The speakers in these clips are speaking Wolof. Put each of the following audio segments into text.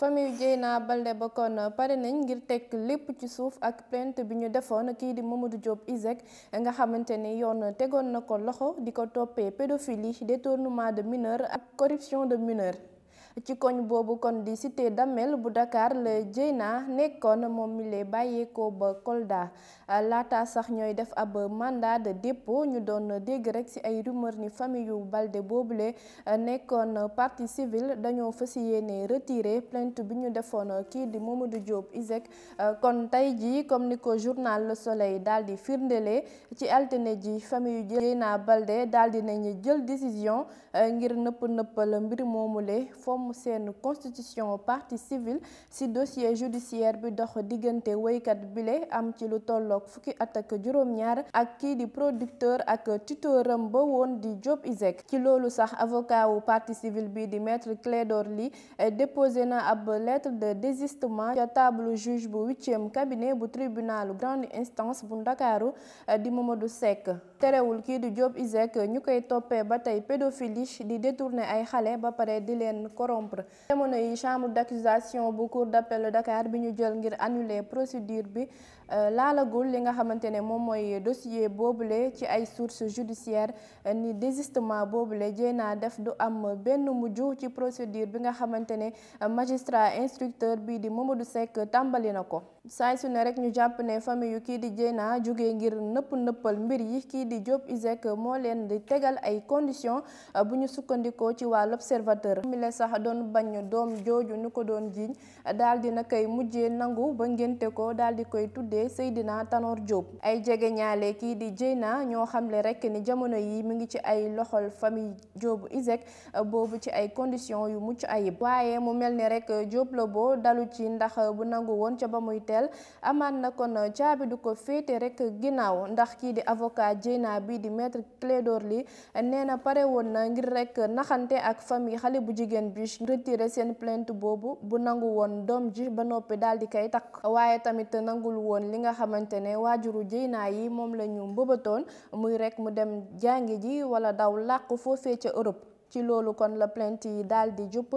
famille Dieyna Baldé ba kon pare nañ ngir tekk lépp ci suuf ak plainte bi ñu defoon kii di Mamadou Diop Iseg nga xamante ni yoon tegoon na ko loxo di ko toppee pédophilie détournement de mineur ak corruption de mineur. ci koñ boobu kon di cité Damel bu Dakar la Dieyna nekkoon moom mi lay bàyyeekoo ba Kolda Euh, laata sax ñooy def ab mandat de dépôt ñu doon dégg rek ci ay rumeur ni famille yu Balde boobule euh, nekkoon partie civile dañoo fas yéene retiré plainte bi ñu defoon kii di Mamadou Diop ISEG euh, kon tey jii comme ni ko journal Le Soleil daal di firndele ci altine ji famille yu Dieyna Balde daal di nañu jël décision ngir nëpp nëppal mbir moomule fomm seen constitution partie civile ci dossier judiciaire bi dox diggante woykat bile am ci lu tolloo tolloog fukki at juróom-ñaar ak kii di producteur ak tuteuram ba woon di Diop Iseg ci loolu sax avocat wu partie civile bi di maître Clédor Ly eh, déposé na ab lettre de désistement ca table juge bu huitième cabinet bu tribunalu grande instance bu Ndakaaru eh, di Mamadou Seck terewul kii di Diop Iseg eh, ñu koy toppee ba tey pédophilie di détourner ay xale ba pare di leen corrompre jamono yi chambre d'accusation bu cour d'appel Dakar bi ñu jël ngir annuler procédure bi li nga xamante ne moom mooy dossier boobule ci ay source judiciaires eh, ni désistement boobule Dieyna def du am benn mujj ci procédure bi nga xamante ne eh, magistrat instructeur bii di Mamadou Seck tàmbali na ko. saay su ne rek ñu jàpp ne famille yu kii di naa jóge ngir nëpp nëppal mbir yi kii di jóob ISEC moo leen di tegal ay conditions euh, bu ñu sukkandikoo ci waa l'Observateur mi sax doon bañ doom jooju ñu ko doon jiiñ daal di na koy mujjee nangu ba ngénte ko daal di koy tuddee Seydina tanoor Diop. ay jegeñaale kii di naa ñoo xamle rek ni jamono yi mu ngi ci ay loxol famille Diop ISEC euh, boobu ci ay conditions yu mucc ayib waaye mu mel ni rek Diop la boo dalu ci ndax bu nangu woon ca ba doyal amaan na kon caabi du ko féete rek ginnaaw ndax kii di avocat Dieyna bi di maître Clédor li nee na pare woon na ngir rek naxante ak famille xale bu jigéen bi retiré seen plainte boobu bu nangu woon doom ji ba noppi daal di koy takk waaye tamit nangul woon li nga xamante ne waajuru Dieyna yi moom la ñu mbëbatoon muy rek mu dem jàngi ji wala daw làqu foofee ca Europe ci loolu kon la plainte yi daal di jub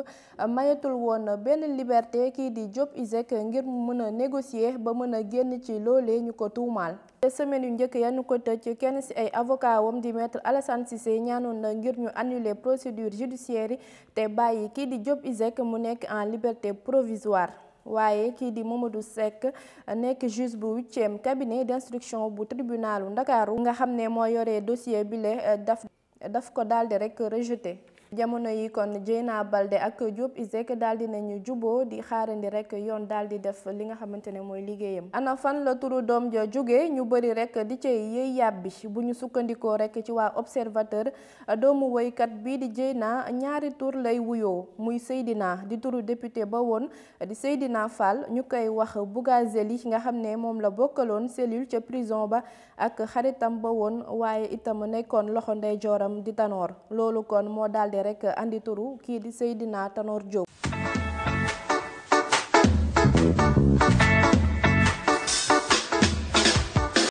mayatul woon benn liberté kii di Diop Iseg ngir mu mën a négocier ba mën a génn ci loolee ñu ko tuumaal. te semaine yu njëkk ya ñu ko tëj kenn si ay avocawam wam di maître Alassane Cissé ñaanoon na ngir ñu annuler procédure judiciaire yi te bàyyi kii di Diop Iseg mu nekk en liberté provisoire. waaye kii di Mamadou Seck nekk juge bu huitième cabinet d'instruction bu tribunalu Ndakaaru nga xam ne moo yore dossier bile eh, daf daf ko dal di rekk rejeté jamono yi kon Dieyna balde ak Diop ISEC daal di nañu juboo di xaarandi rek yoon daal di def li nga xamante ne mooy liggéeyam ana fan la turu doom ja jóge ñu bëri rek di cay yëy yàbbi bu ñu sukkandikoo rek ci waa observateur doomu woykat bii di Dieyna ñaari tur lay wuyoo muy Seydina di turu député ba woon di Seydina Fall ñu koy wax Bougazeli nga xam ne moom la bokkaloon cellule ca prison ba ak xaritam ba woon waaye itam nekkoon loxo ndeyjooram di Tanor rekk di rek andi kii di Seydina tanoor Diop.